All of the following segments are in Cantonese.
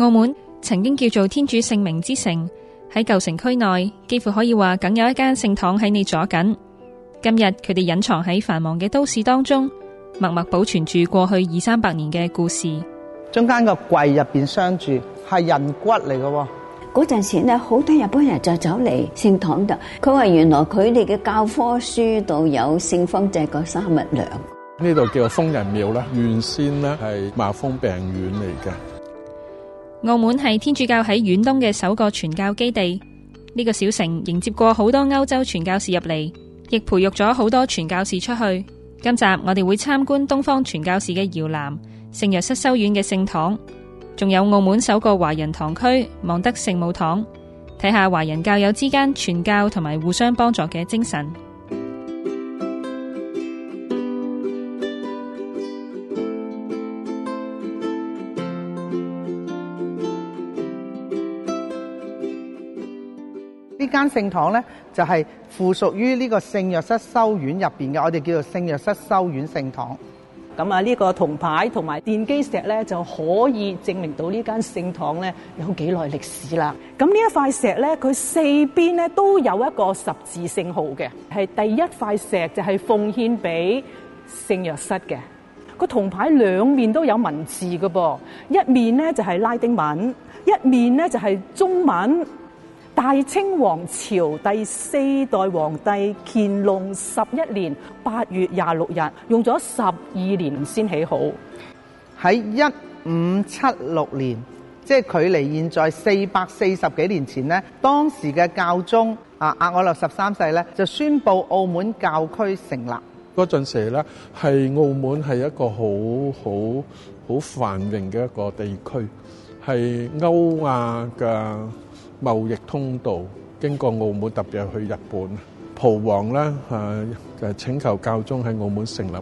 澳門曾經叫做天主聖名之城，喺舊城區內幾乎可以話梗有一間聖堂喺你左近。今日佢哋隱藏喺繁忙嘅都市當中，默默保存住過去二三百年嘅故事。中間個櫃入邊相住係人骨嚟嘅。嗰陣時咧，好多日本人就走嚟聖堂度，佢話原來佢哋嘅教科書度有聖方濟各三日糧。呢度叫做瘋人廟啦，原先咧係麻風病院嚟嘅。澳門係天主教喺遠東嘅首個傳教基地，呢個小城迎接過好多歐洲傳教士入嚟，亦培育咗好多傳教士出去。今集我哋會參觀東方傳教士嘅搖籃聖若瑟修院嘅聖堂。仲有澳門首個華人堂區望德聖母堂，睇下華人教友之間傳教同埋互相幫助嘅精神。呢間聖堂呢，就係附屬於呢個聖若瑟修院入邊嘅，我哋叫做聖若瑟修院聖堂。咁啊，呢個銅牌同埋奠基石咧，就可以證明到呢間聖堂咧有幾耐歷史啦。咁呢一塊石咧，佢四邊咧都有一個十字聖號嘅，係第一塊石就係奉獻俾聖若瑟嘅。個銅牌兩面都有文字嘅噃，一面咧就係、是、拉丁文，一面咧就係、是、中文。大清皇朝第四代皇帝乾隆十一年八月廿六日，用咗十二年先起好。喺一五七六年，即係距離現在四百四十幾年前咧，當時嘅教宗啊，額我略十三世咧，就宣布澳門教區成立。嗰陣時咧，係澳門係一個好好好繁榮嘅一個地區，係歐亞嘅。貿易通道經過澳門，特別去日本，葡王啦吓、啊、就係、是、請求教宗喺澳門成立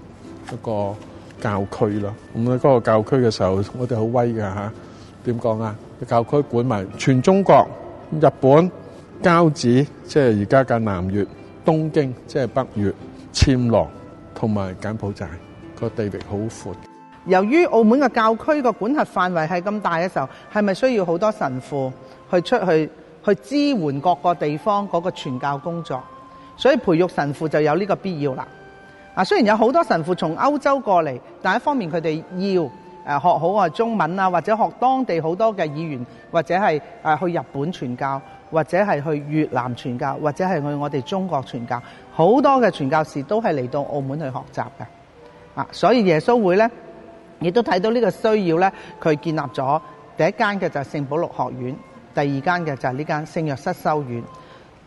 一個教區啦。咁喺嗰個教區嘅時候，我哋好威㗎吓。點講啊麼說？教區管埋全中國、日本、交趾，即係而家嘅南越、東京，即、就、係、是、北越、暹羅同埋柬埔寨，個地域好闊。由於澳門嘅教區個管轄範圍係咁大嘅時候，係咪需要好多神父？去出去去支援各個地方嗰個傳教工作，所以培育神父就有呢個必要啦。啊，雖然有好多神父從歐洲過嚟，但一方面佢哋要誒學好啊中文啊，或者學當地好多嘅語言，或者係誒去日本傳教，或者係去越南傳教，或者係去我哋中國傳教，好多嘅傳教士都係嚟到澳門去學習嘅啊。所以耶穌會咧，亦都睇到呢個需要咧，佢建立咗第一間嘅就係聖保祿學院。第二間嘅就係呢間聖若瑟修院，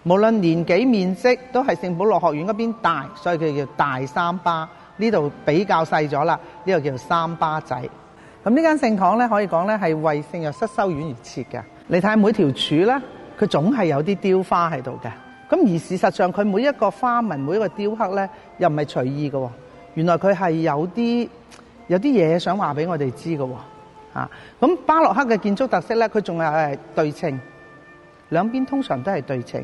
無論年紀面積都係聖保羅學院嗰邊大，所以佢叫大三巴。呢度比較細咗啦，呢度叫三巴仔。咁呢間聖堂咧，可以講咧係為聖若瑟修院而設嘅。你睇每條柱咧，佢總係有啲雕花喺度嘅。咁而事實上，佢每一個花紋、每一個雕刻咧，又唔係隨意嘅。原來佢係有啲有啲嘢想話俾我哋知嘅。啊，咁巴洛克嘅建築特色咧，佢仲有係對稱，兩邊通常都係對稱，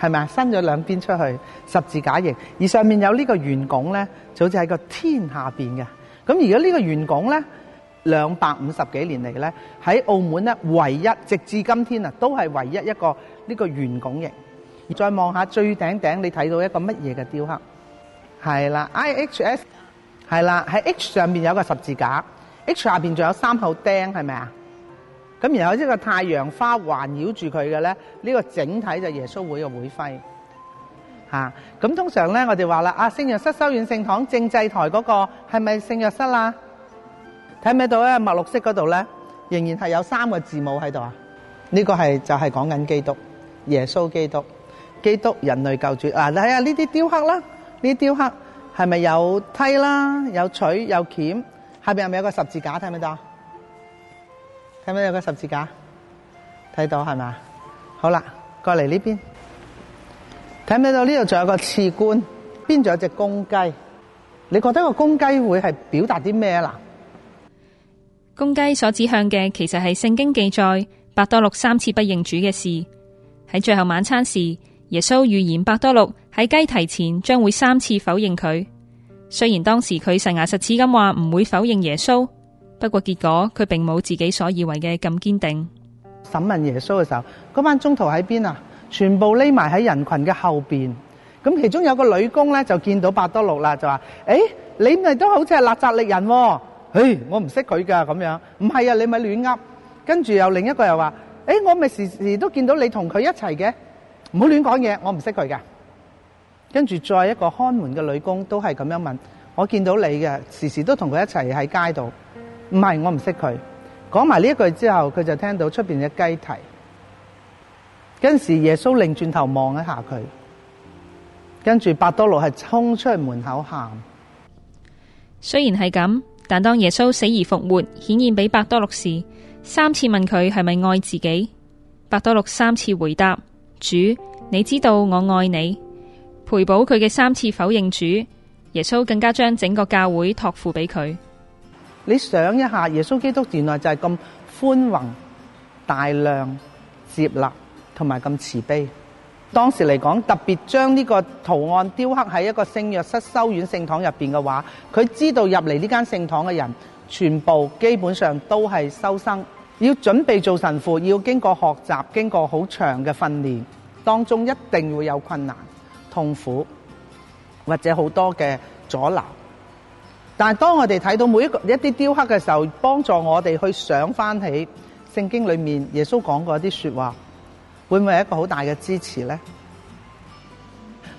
係咪啊？伸咗兩邊出去，十字架形，而上面有呢個圓拱咧，就好似喺個天下邊嘅。咁而家呢個圓拱咧，兩百五十幾年嚟咧，喺澳門咧，唯一直至今天啊，都係唯一一個呢個圓拱形。而再望下最頂頂，你睇到一個乜嘢嘅雕刻？係啦，IHS，係啦，喺 H 上面有個十字架。H 下邊仲有三口釘，係咪啊？咁然後一個太陽花環繞住佢嘅咧，呢、這個整體就是耶穌會嘅會徽吓。咁、啊、通常咧，我哋話啦，啊聖約瑟修院聖堂正祭台嗰、那個係咪聖約瑟啦、啊？睇唔睇到咧？墨綠色嗰度咧，仍然係有三個字母喺度啊。呢、這個係就係講緊基督耶穌基督基督人類救主。嗱，睇下呢啲雕刻啦，呢啲雕刻係咪有梯啦、有錘、有鉗？有下邊係咪有，有個十字架？睇唔睇到？睇唔睇到有個十字架？睇到係嘛？好啦，過嚟呢邊。睇唔睇到呢度仲有一個刺冠，邊仲有隻公雞？你覺得個公雞會係表達啲咩啦？公雞所指向嘅其實係聖經記載，伯多錄三次不認主嘅事。喺最後晚餐時，耶穌預言伯多錄喺雞啼前將會三次否認佢。雖然當時佢實牙實齒咁話唔會否認耶穌，不過結果佢並冇自己所以為嘅咁堅定。審問耶穌嘅時候，嗰班宗徒喺邊啊？全部匿埋喺人群嘅後邊。咁其中有個女工咧，就見到伯多祿啦，就話：誒、欸，你咪都好似係納匝肋人，哦？誒、欸，我唔識佢噶咁樣。唔係啊，你咪亂噏。跟住又另一個又話：誒、欸，我咪時時都見到你同佢一齊嘅，唔好亂講嘢，我唔識佢噶。跟住再一個看門嘅女工都係咁樣問，我見到你嘅，時時都同佢一齊喺街度。唔係，我唔識佢。講埋呢一句之後，佢就聽到出邊嘅雞啼。跟時，耶穌擰轉，轉頭望一下佢，跟住伯多祿係衝出去門口喊。雖然係咁，但當耶穌死而復活顯現俾伯多祿時，三次問佢係咪愛自己，伯多祿三次回答主，你知道我愛你。回補佢嘅三次否認主耶穌，更加將整個教會托付俾佢。你想一下，耶穌基督原來就係咁寬宏、大量接、接納同埋咁慈悲。當時嚟講，特別將呢個圖案雕刻喺一個聖約瑟修院聖堂入邊嘅話，佢知道入嚟呢間聖堂嘅人全部基本上都係修生，要準備做神父，要經過學習，經過好長嘅訓練，當中一定會有困難。痛苦或者好多嘅阻撓，但係當我哋睇到每一個一啲雕刻嘅時候，幫助我哋去想翻起聖經裏面耶穌講過一啲說話，會唔會係一個好大嘅支持咧？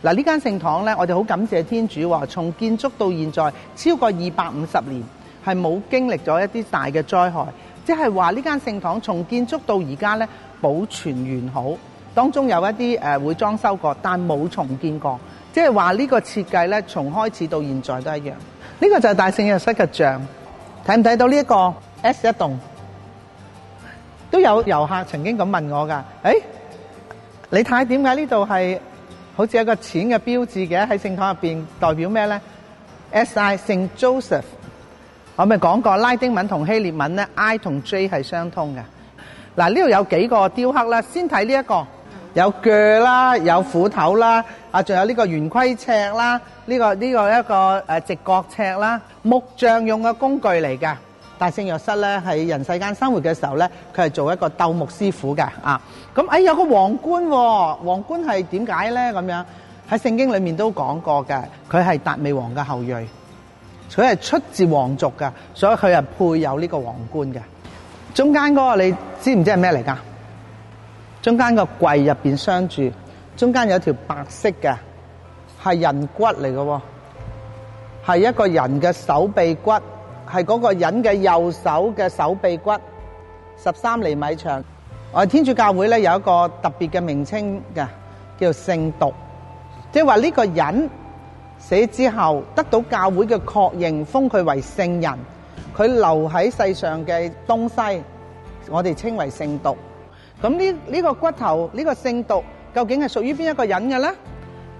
嗱，呢間聖堂咧，我哋好感謝天主話，從建築到現在超過二百五十年，係冇經歷咗一啲大嘅災害，即係話呢間聖堂從建築到而家咧保存完好。當中有一啲誒會裝修過，但冇重建過，即係話呢個設計咧，從開始到現在都一樣。呢、這個就係大聖約瑟嘅像，睇唔睇到呢一個 S 一棟都有遊客曾經咁問我㗎。誒、哎，你睇點解呢度係好似有個錢嘅標誌嘅喺聖堂入邊代表咩咧？S I Saint Joseph，我咪講過拉丁文同希臘文咧，I 同 J 係相通嘅。嗱呢度有幾個雕刻啦，先睇呢一個。有鋸啦，有斧頭啦，啊，仲有呢個圓規尺啦，呢個呢個一個誒直角尺啦，木匠用嘅工具嚟噶。大聖若瑟咧喺人世間生活嘅時候咧，佢係做一個斗木師傅嘅啊。咁、哎、誒有個皇冠、啊，皇冠係點解咧？咁樣喺聖經裏面都講過嘅，佢係達味王嘅後裔，佢係出自皇族噶，所以佢係配有呢個皇冠嘅。中間嗰、那個你知唔知係咩嚟噶？中間個櫃入邊鑲住，中間有一條白色嘅係人骨嚟嘅。係一個人嘅手臂骨，係嗰個人嘅右手嘅手臂骨，十三厘米長。我哋天主教會咧有一個特別嘅名稱嘅，叫做聖髑，即係話呢個人死之後得到教會嘅確認，封佢為聖人，佢留喺世上嘅東西，我哋稱為聖髑。咁呢呢個骨頭呢，呢個聖毒究竟係屬於邊一個人嘅呢？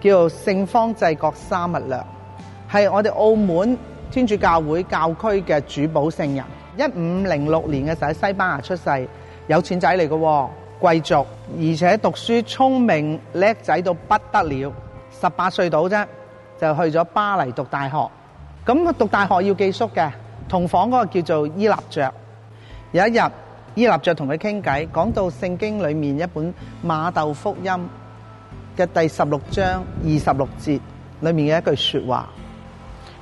叫聖方濟各沙勿略，係我哋澳門天主教會教區嘅主保聖人。一五零六年嘅時候喺西班牙出世，有錢仔嚟嘅，哦，貴族，而且讀書聰明叻仔到不得了。十八歲到啫，就去咗巴黎讀大學。咁讀大學要寄宿嘅，同房嗰個叫做伊納爵。有一日。伊立着同佢傾偈，講到聖經裏面一本馬竇福音嘅第十六章二十六節裏面嘅一句說話，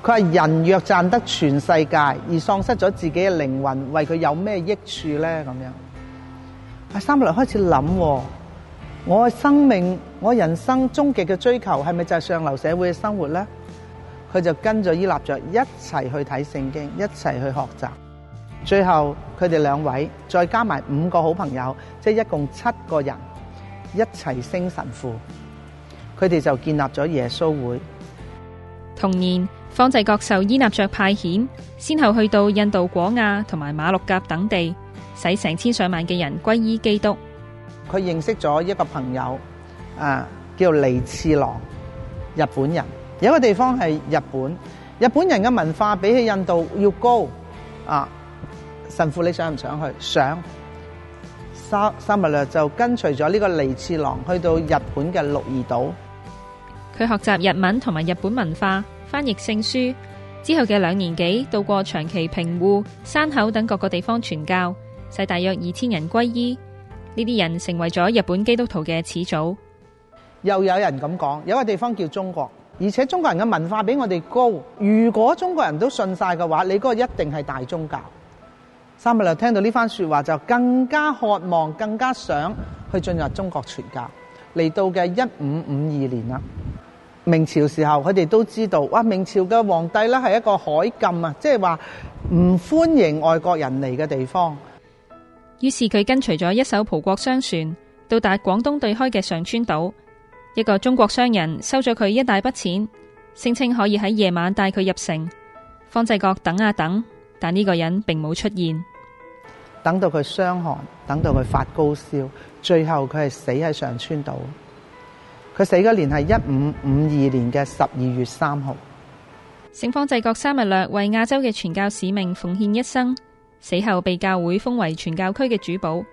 佢話人若賺得全世界，而喪失咗自己嘅靈魂，為佢有咩益處呢？」咁樣阿三木嚟開始諗，我嘅生命，我人生終極嘅追求係咪就係上流社會嘅生活呢？佢就跟咗伊立着一齊去睇聖經，一齊去學習。最後佢哋兩位再加埋五個好朋友，即係一共七個人一齊升神父，佢哋就建立咗耶穌會。同年，方濟各受伊納爵派遣，先後去到印度、果亞同埋馬六甲等地，使成千上萬嘅人歸依基督。佢認識咗一個朋友，啊，叫利次郎，日本人。有一個地方係日本，日本人嘅文化比起印度要高啊。神父，你想唔想去？想。沙，沙勿略就跟隨咗呢個尼次郎去到日本嘅鹿兒島，佢學習日文同埋日本文化，翻譯聖書。之後嘅兩年幾，到過長期平戶、山口等各個地方傳教，使大約二千人歸依。呢啲人成為咗日本基督徒嘅始祖。又有人咁講，有個地方叫中國，而且中國人嘅文化比我哋高。如果中國人都信晒嘅話，你嗰個一定係大宗教。三木六聽到呢番說話就更加渴望，更加想去進入中國傳教。嚟到嘅一五五二年啦，明朝時候佢哋都知道，哇！明朝嘅皇帝咧係一個海禁啊，即係話唔歡迎外國人嚟嘅地方。於是佢跟隨咗一艘葡國商船，到達廣東對開嘅上川島，一個中國商人收咗佢一大筆錢，聲稱可以喺夜晚帶佢入城。方濟各等啊等，但呢個人並冇出現。等到佢傷寒，等到佢發高燒，最後佢係死喺上川島。佢死嗰年係一五五二年嘅十二月三號。聖方濟各三日略為亞洲嘅傳教使命奉獻一生，死後被教會封為傳教區嘅主保，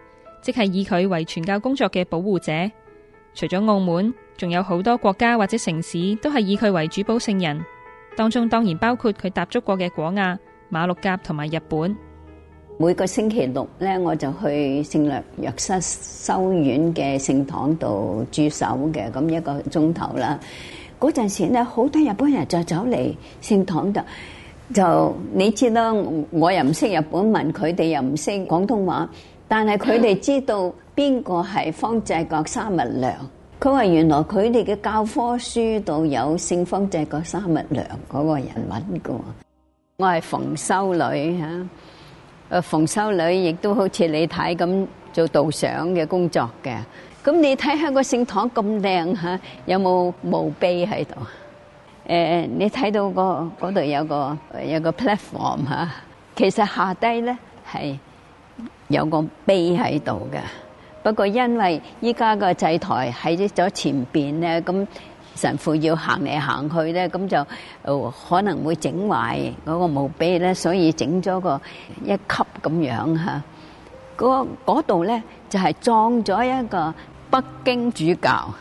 即係以佢為傳教工作嘅保護者。除咗澳門，仲有好多國家或者城市都係以佢為主保聖人，當中當然包括佢踏足過嘅果亞、馬六甲同埋日本。每個星期六咧，我就去聖略藥室修院嘅聖堂度駐守嘅，咁一個鐘頭啦。嗰陣時咧，好多日本人就走嚟聖堂度，就你知啦，我又唔識日本文，佢哋又唔識廣東話，但係佢哋知道邊個係方濟各三文良。佢話原來佢哋嘅教科書度有聖方濟各三文良嗰個人物嘅。我係馮修女嚇。誒，馮修女亦都好似你睇咁做導賞嘅工作嘅。咁你睇下個聖堂咁靚嚇，有冇墓碑喺度？誒，你睇到個嗰度有個有個 platform 嚇，其實下低咧係有個碑喺度嘅。不過因為依家個祭台喺咗前邊咧，咁。神父要行嚟行去咧，咁就可能會整壞嗰個墓碑咧，所以整咗個一級咁樣吓。嗰嗰度咧就係葬咗一個北京主教。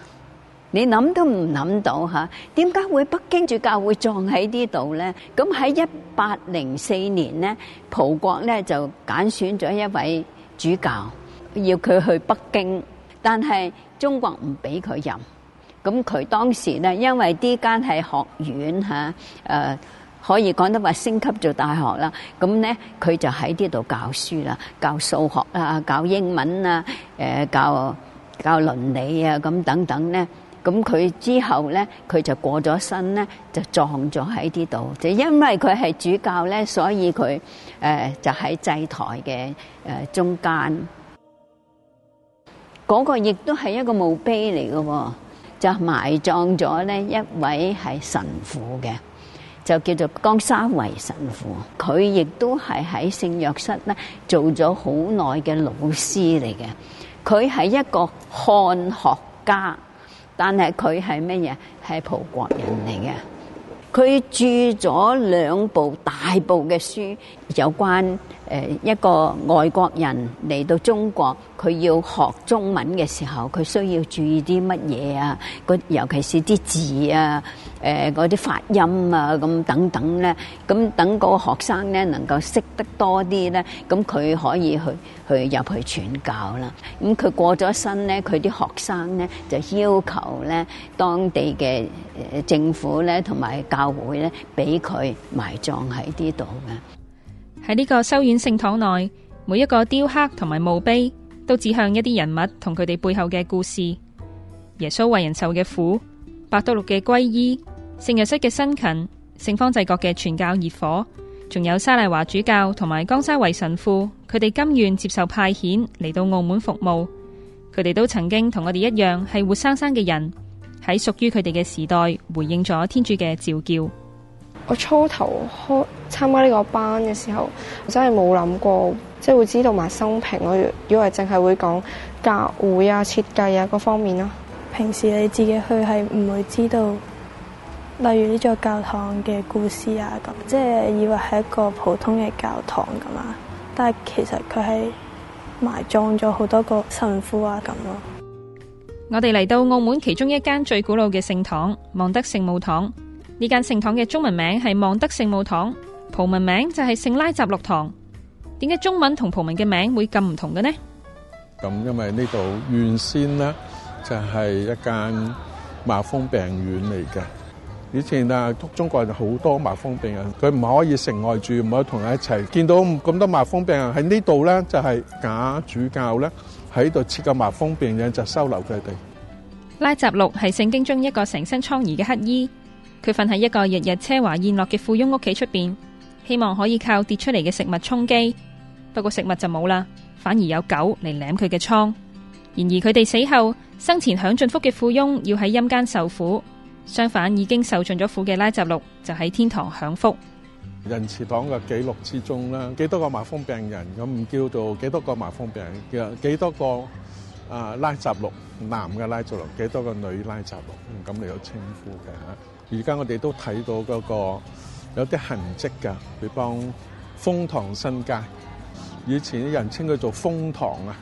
你諗都唔諗到吓，點解會北京主教會葬喺呢度咧？咁喺一八零四年咧，葡國咧就揀選咗一位主教，要佢去北京，但係中國唔俾佢入。咁佢當時咧，因為呢間係學院、啊、可以講得話升級做大學啦。咁咧，佢就喺呢度教書啦，教數學啦，教英文啊，教教倫理啊，咁等等咧。咁佢之後咧，佢就過咗身咧，就葬咗喺呢度。就因為佢係主教咧，所以佢、啊、就喺祭台嘅中間。嗰個亦都係一個墓碑嚟嘅喎。就埋葬咗呢一位係神父嘅，就叫做江沙維神父。佢亦都係喺聖藥室咧做咗好耐嘅老師嚟嘅。佢係一個漢學家，但係佢係乜嘢？係葡國人嚟嘅。佢著咗兩部大部嘅書，有關誒一個外國人嚟到中國佢要學中文嘅時候，佢需要注意啲乜嘢啊？尤其是啲字啊、誒、呃、啲發音啊，咁等等咧。咁等嗰個學生咧能夠識得多啲咧，咁佢可以去去入去傳教啦。咁佢過咗身咧，佢啲學生咧就要求咧當地嘅誒政府咧同埋教。我會咧俾佢埋葬喺呢度嘅，喺呢個修院聖堂內，每一個雕刻同埋墓碑都指向一啲人物同佢哋背後嘅故事。耶穌為人受嘅苦，伯多祿嘅歸依，聖若瑟嘅辛勤，聖方濟各嘅傳教熱火，仲有沙麗華主教同埋江沙維神父，佢哋甘願接受派遣嚟到澳門服務，佢哋都曾經同我哋一樣係活生生嘅人。喺屬於佢哋嘅時代，回應咗天主嘅召叫。我初頭開參加呢個班嘅時候，我真係冇諗過，即係會知道埋生平。我以為淨係會講教會啊、設計啊嗰方面咯。平時你自己去係唔會知道，例如呢座教堂嘅故事啊咁，即係以為係一個普通嘅教堂噶嘛。但係其實佢係埋葬咗好多個神父啊咁咯。我哋嚟到澳門其中一間最古老嘅聖堂望德聖母堂，呢間聖堂嘅中文名係望德聖母堂，葡文名就係聖拉匝祿堂。點解中文同葡文嘅名會咁唔同嘅呢？咁因為呢度原先咧就係一間麻風病院嚟嘅，以前啊中國人好多麻風病人，佢唔可以城外住，唔可以同人一齊，見到咁多麻風病人喺呢度咧，就係假主教咧。喺度設個茅方便嘅就收留佢哋。拉匝祿係聖經中一個成身瘡痍嘅乞衣，佢瞓喺一個日日奢華宴樂嘅富翁屋企出邊，希望可以靠跌出嚟嘅食物充飢。不過食物就冇啦，反而有狗嚟舐佢嘅瘡。然而佢哋死後，生前享盡福嘅富翁要喺陰間受苦，相反已經受盡咗苦嘅拉匝祿就喺天堂享福。仁慈堂嘅記錄之中咧，幾多個麻風病人，咁唔叫做幾多個麻風病人，叫幾多個啊，拉匝祿男嘅拉匝祿，幾多個女拉匝祿，咁嚟有稱呼嘅嚇。而家我哋都睇到嗰、那個有啲痕跡㗎，佢幫瘋堂新街，以前啲人稱佢做瘋堂啊。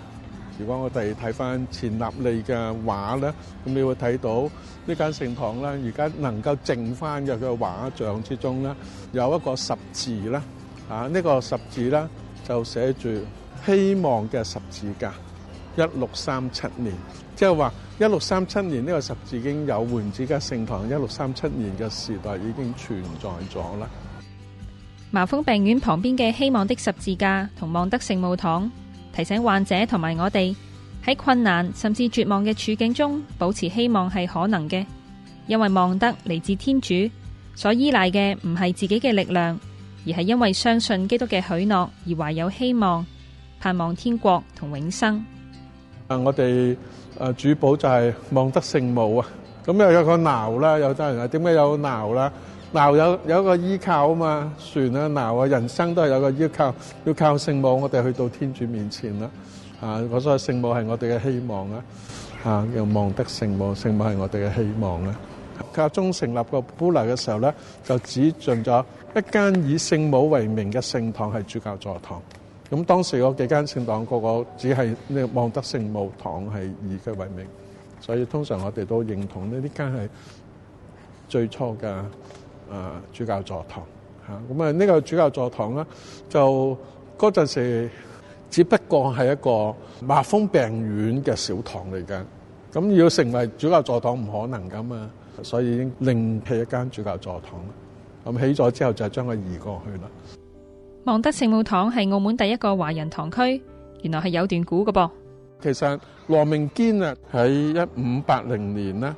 如果我哋睇翻前立利嘅畫咧，咁你會睇到呢間聖堂咧，而家能夠剩翻嘅佢畫像之中咧，有一個十字咧，呢、呢個十字咧就寫住希望嘅十字架，一六三七年，即係話一六三七年呢個十字已經有喎，而家聖堂一六三七年嘅時代已經存在咗啦。麻風病院旁邊嘅希望的十字架同望德聖母堂。提醒患者同埋我哋喺困難甚至絕望嘅處境中保持希望係可能嘅，因為望德嚟自天主，所依賴嘅唔係自己嘅力量，而係因為相信基督嘅許諾而懷有希望，盼望天國同永生。啊，我哋啊主保就係望德聖母啊，咁又有個鬧啦，有得人啊，點解有鬧啦？鬧有有一個依靠啊嘛，船啊鬧啊，人生都係有個依靠，要靠聖母，我哋去到天主面前啦。啊，我所以聖母係我哋嘅希望啊。啊，要望德聖母，聖母係我哋嘅希望啦。教宗成立個普羅嘅時候咧，就指準咗一間以聖母為名嘅聖堂係主教座堂。咁當時嗰幾間聖堂個個只係呢，望德聖母堂係以佢為名，所以通常我哋都認同咧呢間係最初嘅。啊、主教座堂吓，咁啊呢、這個主教座堂咧，就嗰陣時只不過係一個麻風病院嘅小堂嚟嘅，咁、啊、要成為主教座堂唔可能噶嘛，所以已經另闢一間主教座堂了，咁起咗之後就將佢移過去啦。望德聖母堂係澳門第一個華人堂區，原來係有段古嘅噃。其實羅明堅啊喺一五八零年呢。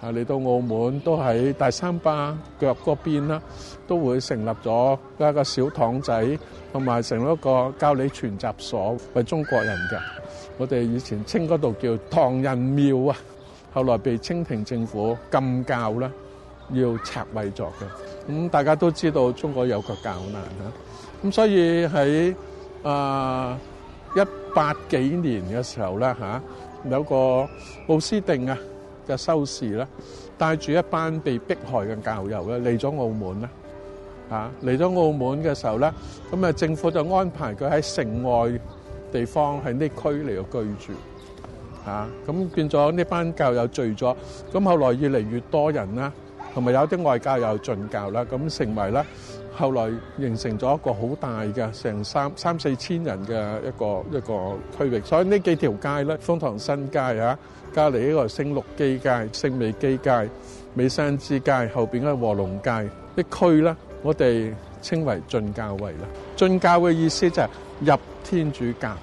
啊！嚟到澳門都喺大三巴腳嗰邊啦，都會成立咗一個小堂仔，同埋成立一個教理傳集所，係中國人嘅。我哋以前稱嗰度叫唐人廟啊，後來被清廷政府禁教啦，要拆毀作嘅。咁、嗯、大家都知道中國有個教難嚇，咁、啊、所以喺啊一八幾年嘅時候咧，有個奧斯定啊。嘅收市啦，帶住一班被迫害嘅教友咧嚟咗澳門咧，嚇嚟咗澳門嘅時候咧，咁啊政府就安排佢喺城外地方喺呢區嚟嘅居住，嚇咁變咗呢班教友聚咗，咁後來越嚟越多人啦，同埋有啲外教又進教啦，咁成為咧。後來形成咗一個好大嘅，成三三四千人嘅一個一個區域。所以呢幾條街咧，豐塘新街啊，隔離呢個聖六基街、聖美基街、美山之街，後邊咧和龍街。啲區咧，我哋稱為進教圍啦。進教嘅意思就係入天主教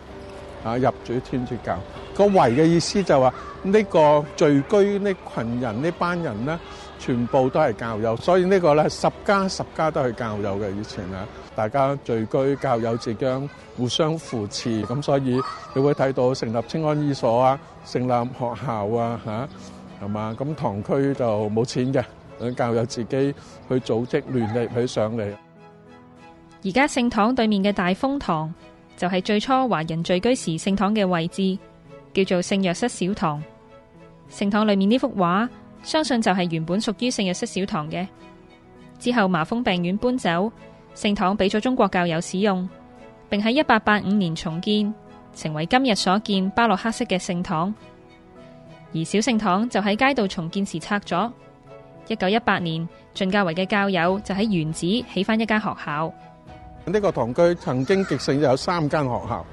啊，入主天主教。個圍嘅意思就係話呢個聚居呢群人呢班人咧。全部都係教友，所以呢個呢十家十家都係教友嘅。以前啊，大家聚居教友之間互相扶持，咁所以你會睇到成立清安醫所啊，成立學校啊，吓係嘛？咁堂區就冇錢嘅，教友自己去組織聯力去上嚟。而家聖堂對面嘅大豐堂，就係、是、最初華人聚居時聖堂嘅位置，叫做聖若瑟小堂。聖堂裏面呢幅畫。相信就係原本屬於聖日式小堂嘅。之後麻風病院搬走，聖堂俾咗中國教友使用，並喺一八八五年重建，成為今日所見巴洛克式嘅聖堂。而小聖堂就喺街道重建時拆咗。一九一八年，進教圍嘅教友就喺原址起翻一間學校。呢、這個堂區曾經極盛，有三間學校。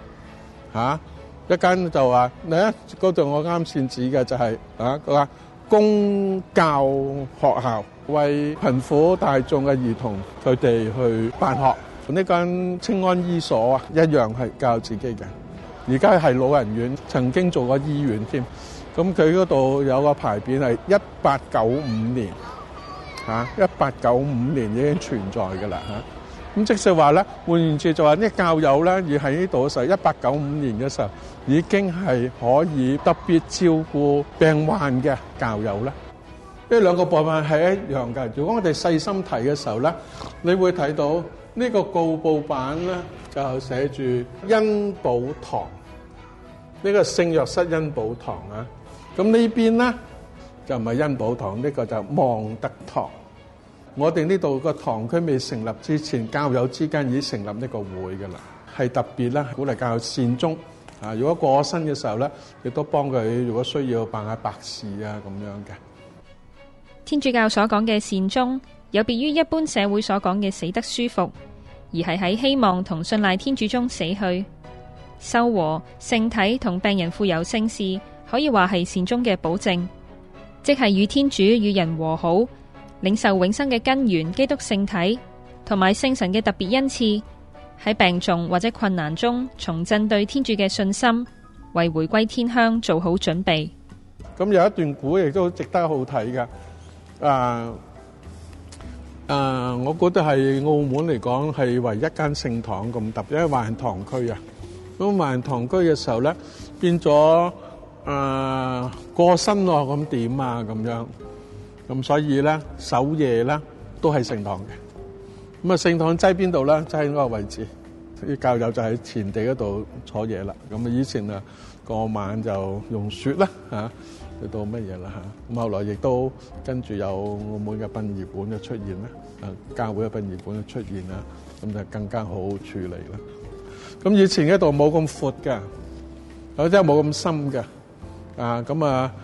吓、啊，一間就話，嗱，嗰度我啱先指嘅就係、是、啊，公教學校為貧苦大眾嘅兒童，佢哋去辦學。呢間清安醫所啊，一樣係教自己嘅。而家係老人院，曾經做過醫院添。咁佢嗰度有個牌匾係一八九五年，吓一八九五年已經存在㗎喇吓。咁即係話咧，換言之就話呢教友咧，而喺呢度嘅時候，一八九五年嘅時候已經係可以特別照顧病患嘅教友啦。呢兩個部份係一樣嘅。如果我哋細心睇嘅時候咧，你會睇到呢個告報板咧就寫住恩保堂，呢個聖若瑟恩保堂啊。咁呢邊咧就唔係恩保堂，呢個就望德堂。我哋呢度個堂區未成立之前，教友之間已經成立呢個會㗎喇，係特別啦，鼓勵教友善終。啊，如果過咗身嘅時候咧，亦都幫佢，如果需要辦下白事啊咁樣嘅。天主教所講嘅善終，有別於一般社會所講嘅死得舒服，而係喺希望同信賴天主中死去，修和聖體同病人傅油聖事，可以話係善終嘅保證，即係與天主與人和好。領受永生嘅根源，基督聖體同埋聖神嘅特別恩賜，喺病重或者困難中重振對天主嘅信心，為回歸天鄉做好準備。咁有一段古亦都值得好睇噶，啊啊，我覺得係澳門嚟講係唯一間聖堂咁特別，因為萬堂區啊，咁萬堂區嘅時候咧變咗啊過身咯，咁點啊咁樣。咁所以咧，守夜咧都係聖堂嘅。咁、嗯、啊，聖堂擠邊度咧？擠喺嗰個位置。啲教友就喺前地嗰度坐嘢啦。咁、嗯、啊，以前啊，過晚就用雪啦吓，去、啊、到乜嘢啦？咁後來亦都跟住有澳門嘅殯儀館嘅出現啦，啊，教會嘅殯儀館嘅出現啦，咁、啊、就更加好處理啦。咁、嗯、以前呢度冇咁闊嘅，或者冇咁深㗎。啊，咁啊。啊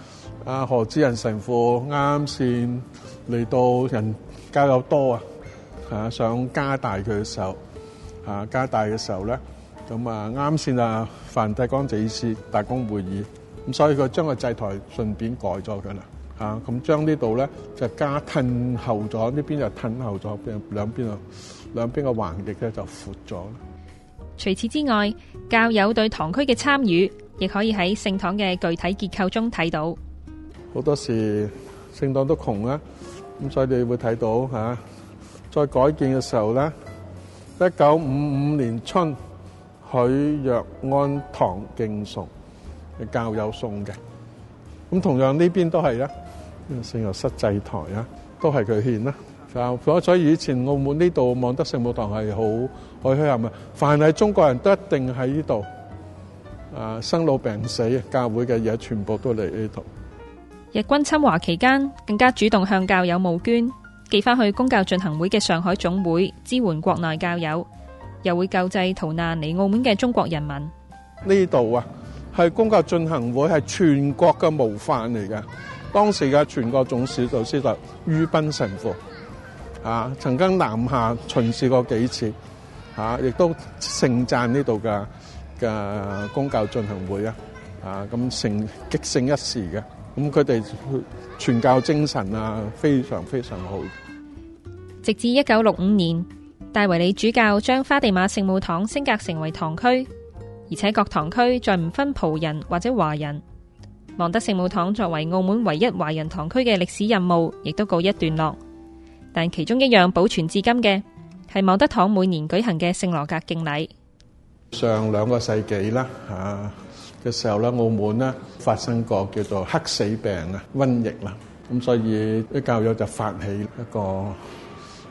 啊！何之仁神父啱先嚟到人教友多啊，嚇想加大佢嘅時候，嚇加大嘅時候咧，咁啊啱先啊，梵蒂岡第二次大公會議咁，所以佢將個祭台順便改咗佢啦嚇。咁將呢度咧就加褪後咗，呢邊就褪後咗，邊兩邊啊兩邊嘅橫翼咧就闊咗。除此之外，教友對堂區嘅參與，亦可以喺聖堂嘅具體結構中睇到。好多時聖堂都窮啦，咁所以你會睇到嚇。再改建嘅時候咧，一九五五年春，許若安堂敬送嘅教友送嘅。咁同樣呢邊都係啦，聖若瑟祭台啊，都係佢獻啦。就所所以以前澳門呢度望德聖母堂係好海闊山脈，凡係中國人都一定喺呢度。啊，生老病死，教會嘅嘢全部都嚟呢度。日軍侵華期間，更加主動向教友募捐，寄翻去公教進行會嘅上海總會支援國內教友，又會救濟逃難嚟澳門嘅中國人民。呢度啊，係公教進行會係全國嘅模範嚟㗎。當時嘅全國總事導師就于斌神父啊，曾經南下巡視過幾次啊，亦都盛讚呢度嘅嘅公教進行會啊啊咁盛極盛一時嘅。咁佢哋傳教精神啊，非常非常好。直至一九六五年，戴維理主教將花地馬聖母堂升格成為堂區，而且各堂區再唔分葡人或者華人。望德聖母堂作為澳門唯一華人堂區嘅歷史任務，亦都告一段落。但其中一樣保存至今嘅，係望德堂每年舉行嘅聖羅格敬禮。上兩個世紀啦，嚇、啊。嘅時候咧，澳門咧發生過叫做黑死病啊瘟疫啦，咁所以啲教友就發起一個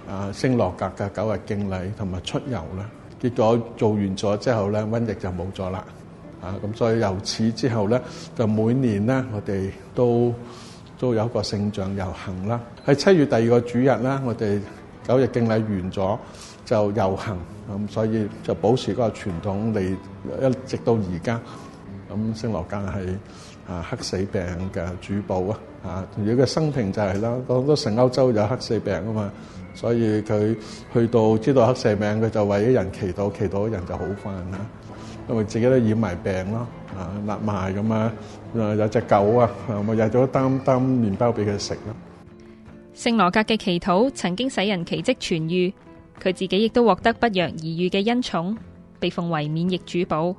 啊聖羅格嘅九日敬禮同埋出遊啦。結果做完咗之後咧，瘟疫就冇咗啦。啊咁，所以由此之後咧，就每年咧，我哋都都有一個聖像遊行啦。喺七月第二個主日呢，我哋九日敬禮完咗就遊行咁，所以就保持嗰個傳統嚟一直到而家。咁聖羅格係啊黑死病嘅主保啊，嚇！佢嘅生平就係啦，講到成歐洲有黑死病啊嘛，所以佢去到知道黑死病，佢就為咗人祈禱，祈禱人就好翻啦。因為自己都染埋病咯，啊，立埋咁啊，誒有隻狗啊，咪有咗擔擔麵包俾佢食咯。聖羅格嘅祈禱曾經使人奇蹟痊癒，佢自己亦都獲得不藥而癒嘅恩寵，被奉為免疫主保。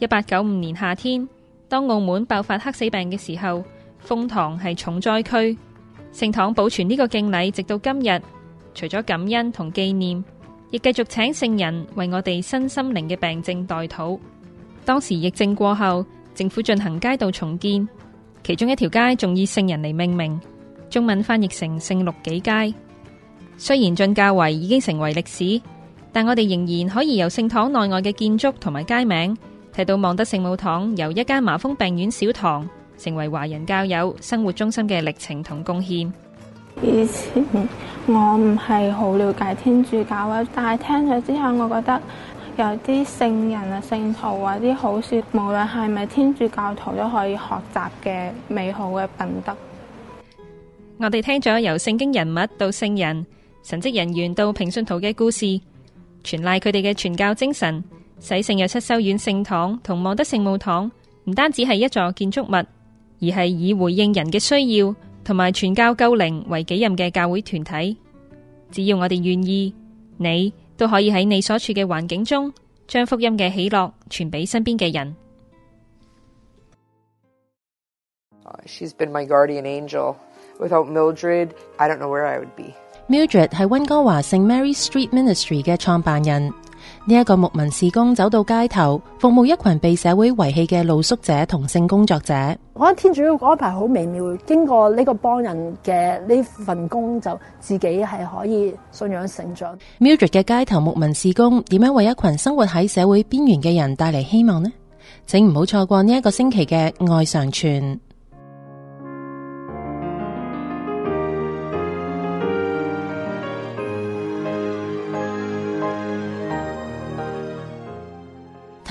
一八九五年夏天，當澳門爆發黑死病嘅時候，瘋堂係重災區。聖堂保存呢個敬禮，直到今日。除咗感恩同紀念，亦繼續請聖人為我哋新心靈嘅病症代禱。當時疫症過後，政府進行街道重建，其中一條街仲以聖人嚟命名，中文翻譯成聖六幾街。雖然進教圍已經成為歷史，但我哋仍然可以由聖堂內外嘅建築同埋街名，提到望德聖母堂由一間麻風病院小堂，成為華人教友生活中心嘅歷程同貢獻，以前我唔係好了解天主教啊，但係聽咗之後，我覺得有啲聖人啊、聖徒啊啲好事，無論係咪天主教徒都可以學習嘅美好嘅品德。我哋聽咗由聖經人物到聖人、神職人員到平信徒嘅故事，全賴佢哋嘅傳教精神，使聖若瑟修院聖堂同望德聖母堂唔單止係一座建築物，而係以回應人嘅需要同埋傳教救靈為己任嘅教會團體。只要我哋願意，你都可以喺你所處嘅環境中，將福音嘅喜樂傳俾身邊嘅人。She's been my guardian angel. Without Mildred, I don't know where I would be. Mildred 係溫哥華聖 Mary Street Ministry 嘅創辦人。呢、這、一個牧民事工走到街頭，服務一群被社會遺棄嘅露宿者同性工作者。我覺得天主嘅安排好微妙，經過呢個幫人嘅呢份工，就自己係可以信仰成長。Mildred 嘅街頭牧民事工點樣為一群生活喺社會邊緣嘅人帶嚟希望呢？請唔好錯過呢一個星期嘅愛常傳。